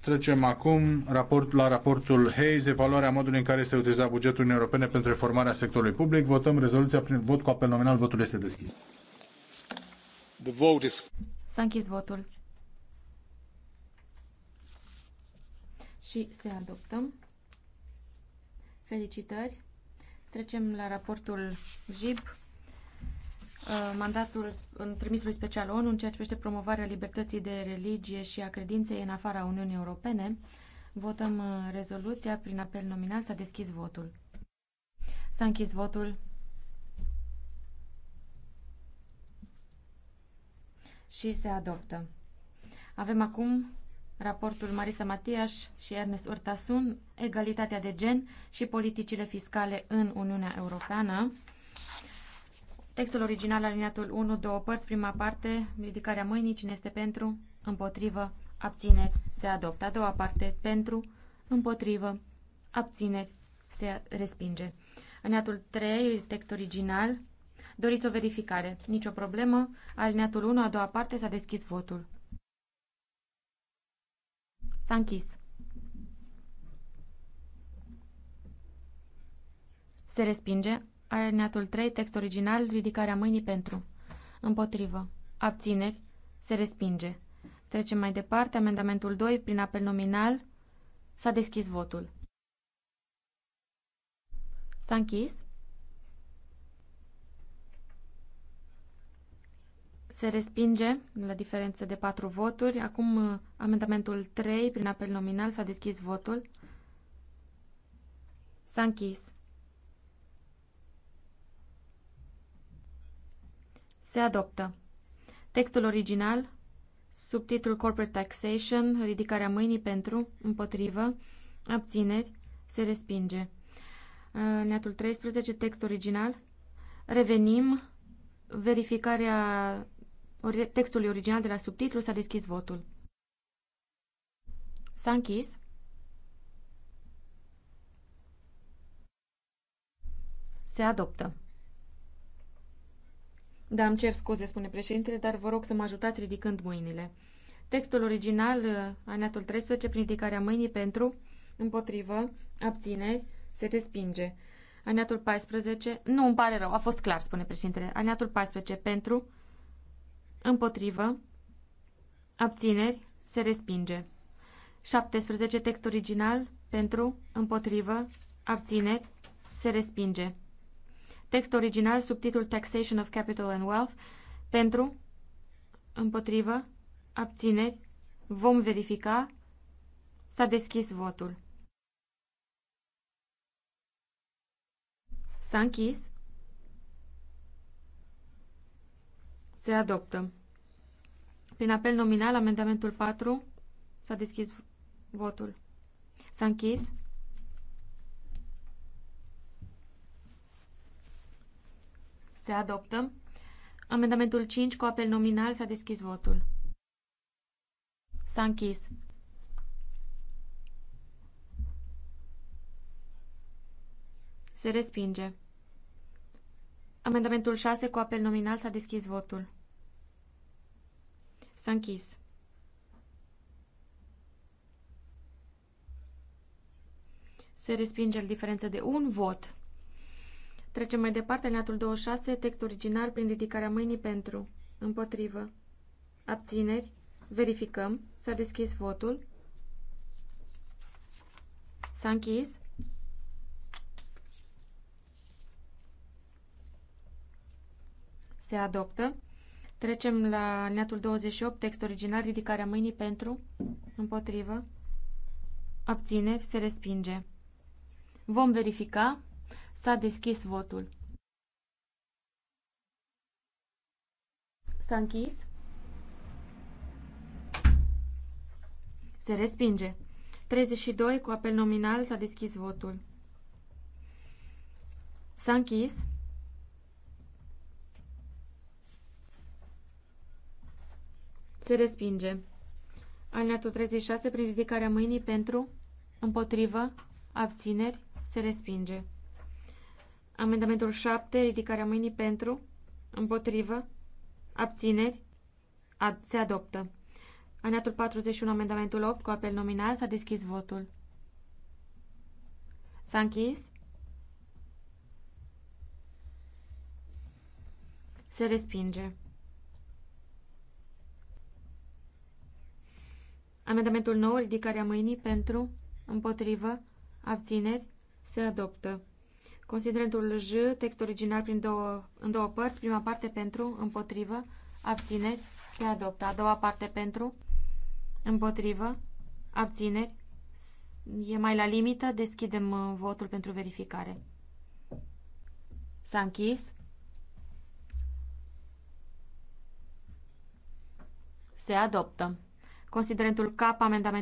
Trecem acum raport, la raportul Hayes, evaluarea modului în care este utilizat bugetul Uniunii Europene pentru reformarea sectorului public. Votăm rezoluția prin vot cu apel nominal. Votul este deschis. The vote is...
S-a închis votul. Și se adoptăm. Felicitări. Trecem la raportul JIP. Uh, mandatul în trimisului special ONU în ceea ce privește promovarea libertății de religie și a credinței în afara Uniunii Europene. Votăm uh, rezoluția prin apel nominal. S-a deschis votul. S-a închis votul. Și se adoptă. Avem acum raportul Marisa Matias și Ernest Urtasun, egalitatea de gen și politicile fiscale în Uniunea Europeană. Textul original, aliniatul 1, două părți, prima parte, ridicarea mâinii, cine este pentru, împotrivă, abțineri, se adoptă. A doua parte, pentru, împotrivă, abțineri, se respinge. Aliniatul 3, text original, doriți o verificare, nicio problemă, aliniatul 1, a doua parte, s-a deschis votul. S-a închis. Se respinge Alineatul 3, text original, ridicarea mâinii pentru. Împotrivă. Abțineri. Se respinge. Trecem mai departe. Amendamentul 2, prin apel nominal, s-a deschis votul. S-a închis. Se respinge la diferență de 4 voturi. Acum amendamentul 3, prin apel nominal, s-a deschis votul. S-a închis. Se adoptă. Textul original, subtitlul Corporate Taxation, ridicarea mâinii pentru, împotrivă, abțineri, se respinge. Neatul 13, text original. Revenim. Verificarea textului original de la subtitlu s-a deschis votul. S-a închis. Se adoptă. Da, îmi cer scuze, spune președintele, dar vă rog să mă ajutați ridicând mâinile. Textul original, uh, aneatul 13, prin ridicarea mâinii pentru, împotrivă, abțineri, se respinge. Aneatul 14, nu, îmi pare rău, a fost clar, spune președintele. Aneatul 14, pentru, împotrivă, abțineri, se respinge. 17, text original, pentru, împotrivă, abțineri, se respinge. Text original, titlul Taxation of Capital and Wealth. Pentru, împotrivă, abțineri, vom verifica. S-a deschis votul. S-a închis. Se adoptă. Prin apel nominal, amendamentul 4, s-a deschis votul. S-a închis. Se adoptă. Amendamentul 5 cu apel nominal s-a deschis votul. S-a închis. Se respinge. Amendamentul 6 cu apel nominal s-a deschis votul. S-a închis. Se respinge la diferență de un vot. Trecem mai departe, latul 26, text original prin ridicarea mâinii pentru, împotrivă, abțineri, verificăm, s-a deschis votul, s-a închis. Se adoptă. Trecem la alineatul 28, text original, ridicarea mâinii pentru, împotrivă, abțineri, se respinge. Vom verifica. S-a deschis votul. S-a închis. Se respinge. 32 cu apel nominal s-a deschis votul. S-a închis. Se respinge. Alineatul 36 prin ridicarea mâinii pentru, împotrivă, abțineri, se respinge. Amendamentul 7, ridicarea mâinii pentru, împotrivă, abțineri, ad, se adoptă. Aneatul 41, amendamentul 8, cu apel nominal, s-a deschis votul. S-a închis. Se respinge. Amendamentul 9, ridicarea mâinii pentru, împotrivă, abțineri, se adoptă. Considerentul J, text original prin două, în două părți, prima parte pentru, împotrivă, abțineri, se adoptă. A doua parte pentru, împotrivă, abțineri, e mai la limită, deschidem uh, votul pentru verificare. S-a închis. Se adoptă. Considerentul CAP, amendamentul